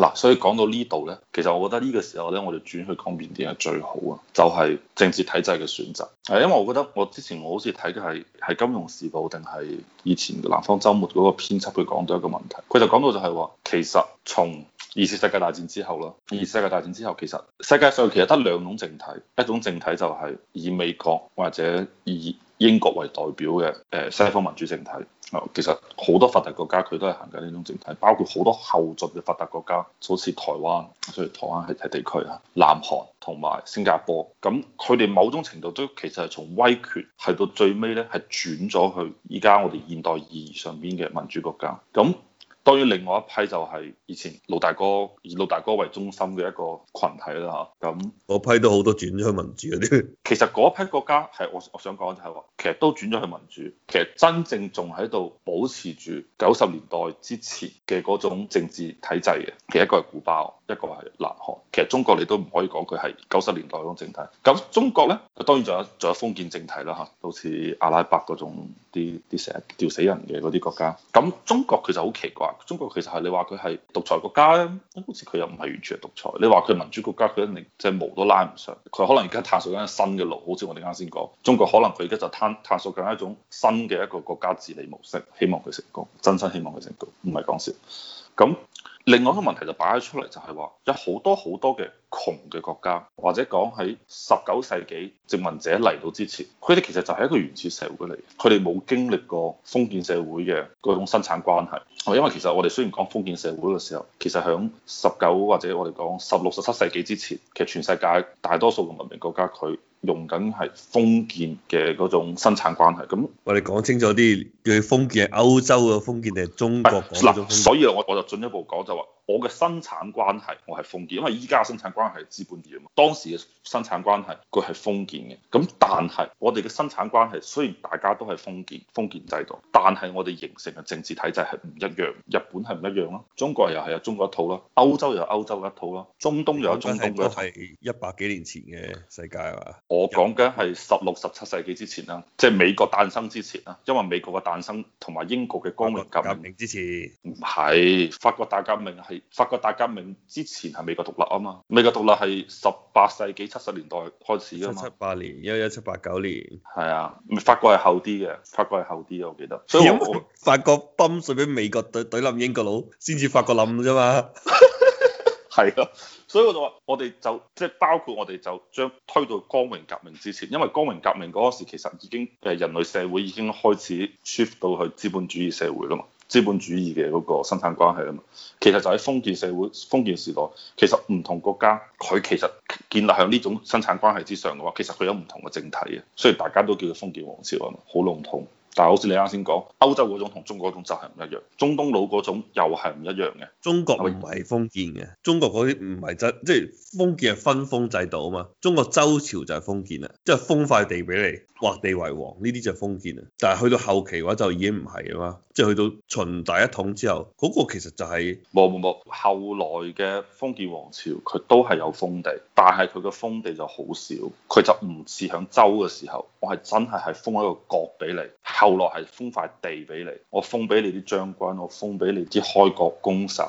嗱，所以講到呢度呢，其實我覺得呢個時候呢，我哋轉去講邊啲係最好啊？就係、是、政治體制嘅選擇。係因為我覺得我之前我好似睇嘅係《金融時報》定係以前《南方週末》嗰、那個編輯佢講到一個問題，佢就講到就係話，其實從二次世界大戰之後咯，二次世界大戰之後其實世界上其實得兩種政體，一種政體就係以美國或者以英國為代表嘅誒西方民主政體，其實好多發達國家佢都係行緊呢種政體，包括好多後進嘅發達國家，好似台灣，所以台灣係係地區啊，南韓同埋新加坡，咁佢哋某種程度都其實係從威權係到最尾咧，係轉咗去依家我哋現代意義上面嘅民主國家，咁。當然，另外一批就係以前老大哥以老大哥為中心嘅一個群體啦嚇，咁嗰批都好多轉咗去民主嗰啲。 其實嗰批國家係我我想講就係話，其實都轉咗去民主。其實真正仲喺度保持住九十年代之前嘅嗰種政治體制嘅，其實一個係古巴，一個係南韓。其實中國你都唔可以講佢係九十年代嗰種政體。咁中國呢，當然仲有仲有封建政體啦嚇，好似阿拉伯嗰種啲啲成日吊死人嘅嗰啲國家。咁中國其實好奇怪。中國其實係你話佢係獨裁國家咧，好似佢又唔係完全係獨裁。你話佢係民主國家，佢一定即係毛都拉唔上。佢可能而家探索緊新嘅路，好似我哋啱先講，中國可能佢而家就探探索緊一種新嘅一個國家治理模式，希望佢成功，真心希望佢成功，唔係講笑。咁另外一個問題就擺咗出嚟，就係話有好多好多嘅。窮嘅國家，或者講喺十九世紀殖民者嚟到之前，佢哋其實就係一個原始社會嚟，佢哋冇經歷過封建社會嘅嗰種生產關係。因為其實我哋雖然講封建社會嘅時候，其實響十九或者我哋講十六、十七世紀之前，其實全世界大多數嘅文明國家佢用緊係封建嘅嗰種生產關係，咁我哋講清楚啲，嘅封建係歐洲嘅封建定係中國嗱、哎，所以我我就進一步講就話、是，我嘅生產關係我係封建，因為依家嘅生產關係係資本主義嘛。當時嘅生產關係佢係封建嘅，咁但係我哋嘅生產關係雖然大家都係封建、封建制度，但係我哋形成嘅政治體制係唔一樣，日本係唔一樣咯，中國又係有中國一套咯，歐洲又有歐洲一套咯，中東又有中東嗰一套。係一百幾年前嘅世界係嘛？我講嘅係十六、十七世紀之前啦，即係美國誕生之前啦，因為美國嘅誕生同埋英國嘅光榮革命之前，唔係法國大革命係法國大革命之前係美國獨立啊嘛，美國獨立係十八世紀七十年代開始噶嘛，七,七八年一一七八九年係啊，法國係後啲嘅，法國係後啲啊，我記得。所以法國泵水，所以俾美國懟懟冧英國佬，先至法國冧啫嘛。 係啊，所以我，我就話，我哋就即係包括我哋就將推到光榮革命之前，因為光榮革命嗰時其實已經誒人類社會已經開始 shift 到去資本主義社會啦嘛，資本主義嘅嗰個生產關係啦嘛，其實就喺封建社會、封建時代，其實唔同國家佢其實建立喺呢種生產關係之上嘅話，其實佢有唔同嘅政體啊，雖然大家都叫做封建王朝啊嘛，好籠統。但係好似你啱先講，歐洲嗰種同中國嗰種就係唔一樣，中東佬嗰種又係唔一樣嘅。中國唔係封建嘅，中國嗰啲唔係質，即係封建係分封制度啊嘛。中國周朝就係封建啦，即係封塊地俾你，劃地為王，呢啲就係封建啦。但係去到後期嘅話就已經唔係嘛。即係去到秦大一統之後，嗰個其實就係冇冇冇，後來嘅封建王朝佢都係有封地，但係佢嘅封地就好少，佢就唔似響周嘅時候，我係真係係封一個國俾你。後來係封塊地俾你，我封俾你啲將軍，我封俾你啲開國功臣，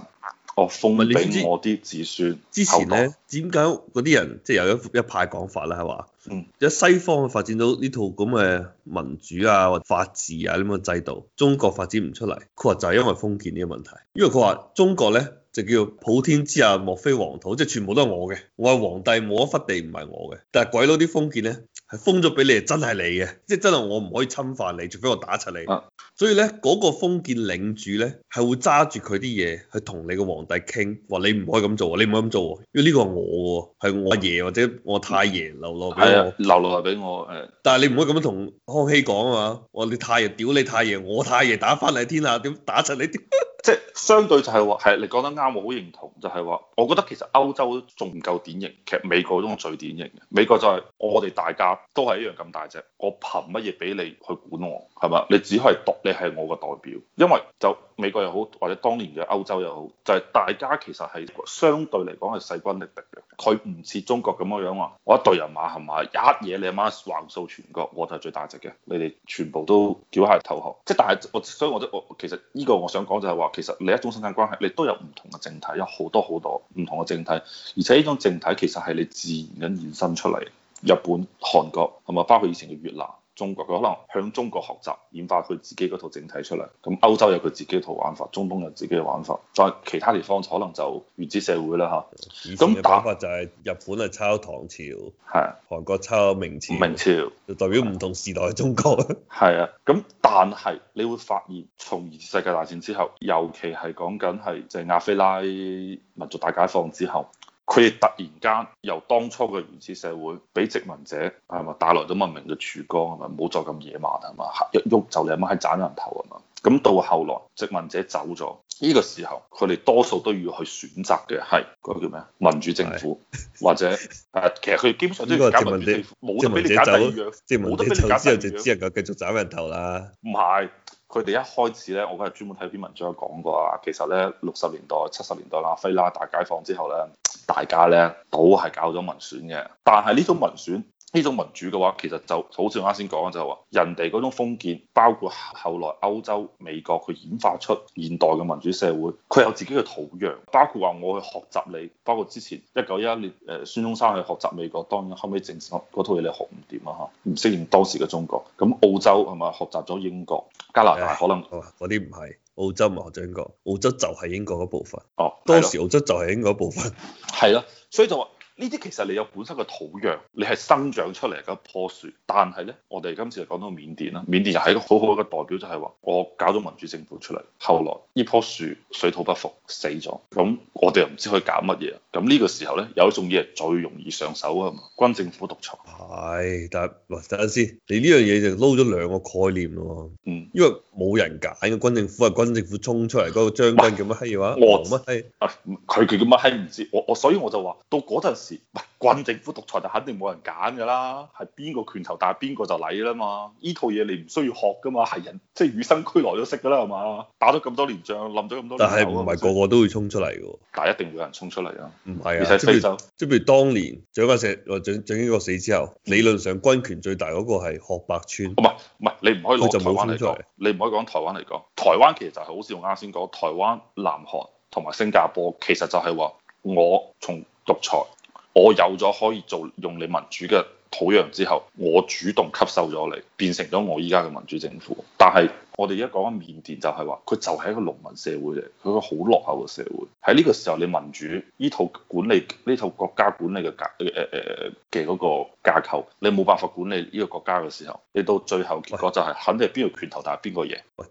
我封俾我啲子孫。之前咧，點解嗰啲人即係、就是、有一一派講法咧？係話，嗯，喺西方發展到呢套咁嘅民主啊或者法治啊咁嘅制度，中國發展唔出嚟。佢話就係因為封建呢個問題，因為佢話中國咧。就叫普天之下莫非王土，即係全部都係我嘅。我係皇帝，冇一忽地唔係我嘅。但係鬼佬啲封建咧，係封咗俾你真係你嘅，即係真係我唔可以侵犯你，除非我打柒你。啊、所以咧，嗰、個封建領主咧係會揸住佢啲嘢去同你個皇帝傾，話你唔可以咁做，你唔可以咁做，因為呢個係我，係我阿爺或者我太爺留落俾我，留落嚟俾我誒。但係你唔可以咁樣同康熙講啊嘛，我話你太爺屌你太爺，我太爺打翻嚟天下，點打柒你？ 即係相對就係話係，你講得啱，我好認同。就係話，我覺得其實歐洲仲唔夠典型，其實美國嗰種最典型嘅。美國就係我哋大家都係一樣咁大隻，我憑乜嘢俾你去管我？係嘛？你只可以獨，你係我嘅代表。因為就美國又好，或者當年嘅歐洲又好，就係大家其實係相對嚟講係勢均力敵。佢唔似中國咁個樣喎，我一隊人馬係咪一嘢你阿媽，媽橫掃全國，我就係最大隻嘅，你哋全部都叫下投降。即係但係我，所以我都我其實呢個我想講就係話，其實你一種生產關係，你都有唔同嘅政體，有好多好多唔同嘅政體，而且呢種政體其實係你自然咁延伸出嚟。日本、韓國係咪？包括以前嘅越南。中國佢可能向中國學習演化佢自己嗰套整體出嚟，咁歐洲有佢自己套玩法，中東有自己嘅玩法，再其他地方可能就原始社會啦吓，咁打法就係日本係抄唐朝，係那、啊、韓國抄明朝，明朝就代表唔同時代嘅中國。係啊，咁、啊 啊、但係你會發現從二次世界大戰之後，尤其係講緊係就係亞非拉民族大解放之後。佢哋突然間由當初嘅原始社會，俾殖民者係嘛帶來咗文明嘅曙光係嘛，冇再咁野蠻係嘛，一喐就你阿媽係斬人頭係嘛，咁到後來殖民者走咗，呢個時候佢哋多數都要去選擇嘅係嗰個叫咩民主政府或者啊其實佢哋基本上都係殖，殖民者冇得俾你冇得。殖民者走之後就只能夠繼續斬人頭啦，唔係。佢哋一開始咧，我嗰日專門睇篇文章講過啊，其實咧六十年代、七十年代啦，亞非拉大解放之後咧，大家咧都係搞咗民選嘅，但係呢種民選。呢種民主嘅話，其實就好似我啱先講嘅，就係話人哋嗰種封建，包括後來歐洲、美國佢演化出現代嘅民主社會，佢有自己嘅土壤。包括話我去學習你，包括之前一九一一年誒孫中山去學習美國，當然後尾正式嗰套嘢你學唔掂啊嚇，唔適應當時嘅中國。咁澳洲係咪學習咗英國、加拿大？可能嗰啲唔係澳洲唔學英國，澳洲就係英國一部分。哦，當時澳洲就係英國一部分。係咯，所以就話。呢啲其實你有本身嘅土壤，你係生長出嚟嘅一樖樹。但係咧，我哋今次就講到緬甸啦，緬甸又係一個好好嘅代表，就係話我搞咗民主政府出嚟，後來呢樖樹水土不服死咗，咁我哋又唔知可以搞乜嘢。咁呢個時候咧，有一種嘢最容易上手啊嘛，軍政府獨裁。係、哎，但係，喂，等陣先，你呢樣嘢就撈咗兩個概念咯。嗯。因為冇人揀嘅軍政府係軍政府衝出嚟嗰個將軍叫乜閪嘅話，我，乜閪？佢叫乜閪唔知，我我所以我就話到嗰陣時。軍政府獨裁就肯定冇人揀㗎啦，係邊個拳頭大邊個就攬啦嘛。呢套嘢你唔需要學㗎嘛，係人即係與生俱來都識㗎啦，係嘛？打咗咁多年仗，冧咗咁多年。但係唔係個個都會衝出嚟㗎？但係一定會有人衝出嚟啊！唔係啊，非洲譬如即係譬如當年蔣介石或蔣蔣經國死之後，理論上軍權最大嗰個係郝柏村。唔係唔係，你唔可以攞台灣嚟講，你唔可以講台灣嚟講。台灣其實就係、是、好似我啱先講，台灣、南韓同埋新加坡其實就係話我從獨裁。我有咗可以做用你民主嘅土壤之後，我主動吸收咗你，變成咗我依家嘅民主政府。但係我哋而家講緊緬甸就係話，佢就係一個農民社會啫，佢個好落後嘅社會。喺呢個時候，你民主呢套管理呢套國家管理嘅架誒誒嘅嗰個架構，你冇辦法管理呢個國家嘅時候，你到最後結果就係肯定係邊個拳頭大邊個贏。